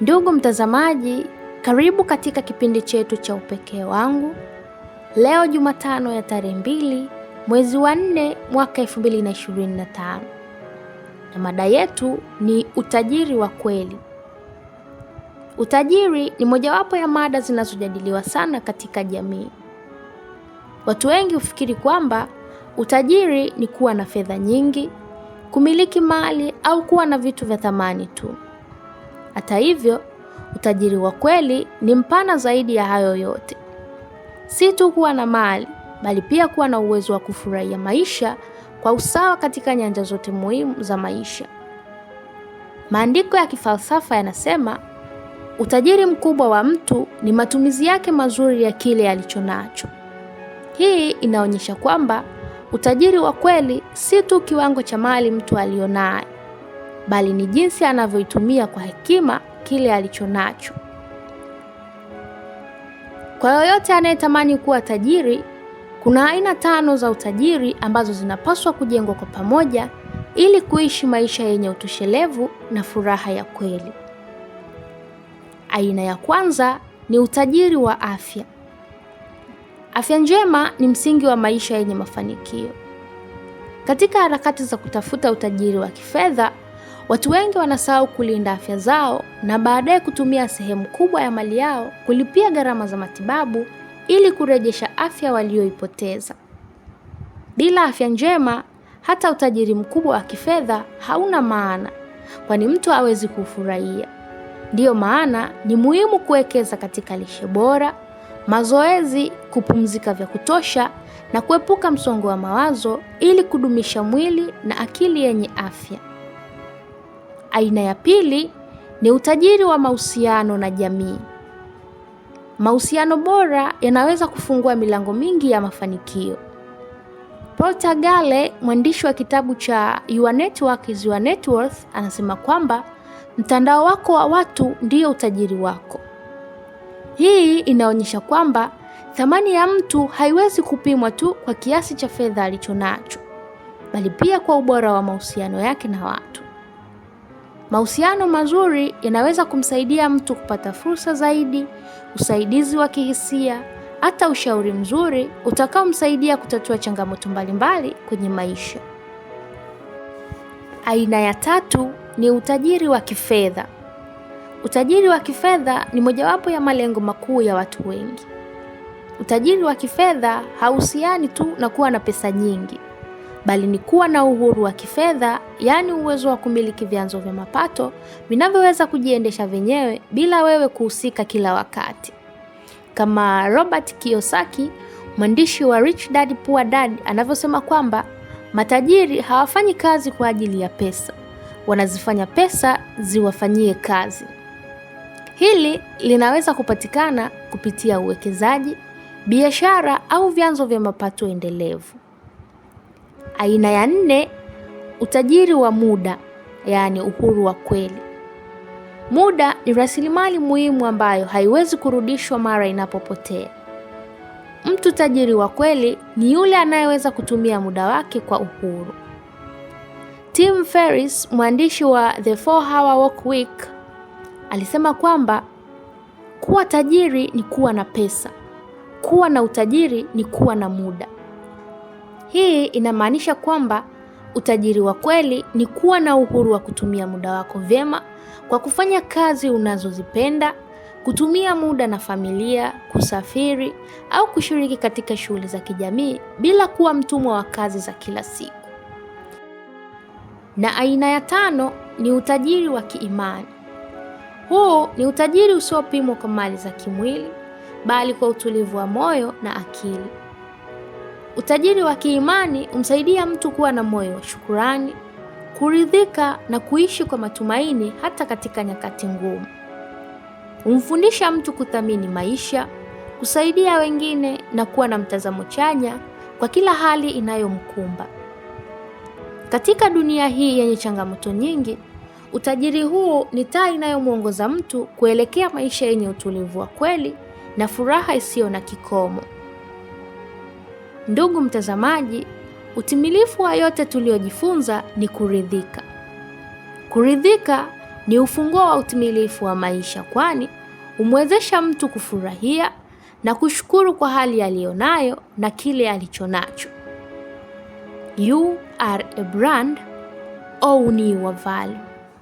Ndugu mtazamaji, karibu katika kipindi chetu cha Upekee wangu. Leo Jumatano ya tarehe mbili mwezi wa nne mwaka 2025, na mada yetu ni utajiri wa kweli. Utajiri ni mojawapo ya mada zinazojadiliwa sana katika jamii. Watu wengi hufikiri kwamba utajiri ni kuwa na fedha nyingi, kumiliki mali au kuwa na vitu vya thamani tu. Hata hivyo, utajiri wa kweli ni mpana zaidi ya hayo yote. Si tu kuwa na mali, bali pia kuwa na uwezo wa kufurahia maisha kwa usawa katika nyanja zote muhimu za maisha. Maandiko ya kifalsafa yanasema utajiri mkubwa wa mtu ni matumizi yake mazuri ya kile alicho nacho. Hii inaonyesha kwamba utajiri wa kweli si tu kiwango cha mali mtu alionayo, bali ni jinsi anavyoitumia kwa hekima kile alichonacho. Kwa yoyote anayetamani kuwa tajiri, kuna aina tano za utajiri ambazo zinapaswa kujengwa kwa pamoja ili kuishi maisha yenye utoshelevu na furaha ya kweli. Aina ya kwanza ni utajiri wa afya. Afya njema ni msingi wa maisha yenye mafanikio. Katika harakati za kutafuta utajiri wa kifedha, Watu wengi wanasahau kulinda afya zao na baadaye kutumia sehemu kubwa ya mali yao kulipia gharama za matibabu ili kurejesha afya walioipoteza. Bila afya njema, hata utajiri mkubwa wa kifedha hauna maana, kwani mtu hawezi kufurahia. Ndiyo maana ni muhimu kuwekeza katika lishe bora, mazoezi, kupumzika vya kutosha na kuepuka msongo wa mawazo ili kudumisha mwili na akili yenye afya. Aina ya pili ni utajiri wa mahusiano na jamii. Mahusiano bora yanaweza kufungua milango mingi ya mafanikio. Porter Gale, mwandishi wa kitabu cha Your Network is Your Net Worth, anasema kwamba mtandao wako wa watu ndiyo utajiri wako. Hii inaonyesha kwamba thamani ya mtu haiwezi kupimwa tu kwa kiasi cha fedha alichonacho, bali pia kwa ubora wa mahusiano yake na watu. Mahusiano mazuri yanaweza kumsaidia mtu kupata fursa zaidi, usaidizi wa kihisia, hata ushauri mzuri utakaomsaidia kutatua changamoto mbalimbali kwenye maisha. Aina ya tatu ni utajiri wa kifedha. Utajiri wa kifedha ni mojawapo ya malengo makuu ya watu wengi. Utajiri wa kifedha hauhusiani tu na kuwa na pesa nyingi, bali ni kuwa na uhuru wa kifedha, yaani uwezo wa kumiliki vyanzo vya mapato vinavyoweza kujiendesha vyenyewe bila wewe kuhusika kila wakati. Kama Robert Kiyosaki, mwandishi wa Rich Dad Poor Dad, anavyosema kwamba matajiri hawafanyi kazi kwa ajili ya pesa, wanazifanya pesa ziwafanyie kazi. Hili linaweza kupatikana kupitia uwekezaji, biashara au vyanzo vya mapato endelevu. Aina ya nne, utajiri wa muda, yaani uhuru wa kweli. Muda ni rasilimali muhimu ambayo haiwezi kurudishwa mara inapopotea. Mtu tajiri wa kweli ni yule anayeweza kutumia muda wake kwa uhuru. Tim Ferriss, mwandishi wa The 4-Hour Work Week, alisema kwamba kuwa tajiri ni kuwa na pesa, kuwa na utajiri ni kuwa na muda. Hii inamaanisha kwamba utajiri wa kweli ni kuwa na uhuru wa kutumia muda wako vyema kwa kufanya kazi unazozipenda, kutumia muda na familia, kusafiri au kushiriki katika shughuli za kijamii bila kuwa mtumwa wa kazi za kila siku. Na aina ya tano ni utajiri wa kiimani. Huu ni utajiri usiopimwa kwa mali za kimwili, bali kwa utulivu wa moyo na akili. Utajiri wa kiimani humsaidia mtu kuwa na moyo wa shukurani, kuridhika na kuishi kwa matumaini hata katika nyakati ngumu. Humfundisha mtu kuthamini maisha, kusaidia wengine na kuwa na mtazamo chanya kwa kila hali inayomkumba. Katika dunia hii yenye changamoto nyingi, utajiri huu ni taa inayomwongoza mtu kuelekea maisha yenye utulivu wa kweli na furaha isiyo na kikomo. Ndugu mtazamaji, utimilifu wa yote tuliyojifunza ni kuridhika. Kuridhika ni ufunguo wa utimilifu wa maisha, kwani humwezesha mtu kufurahia na kushukuru kwa hali aliyonayo na kile alichonacho. You are a brand, own your value.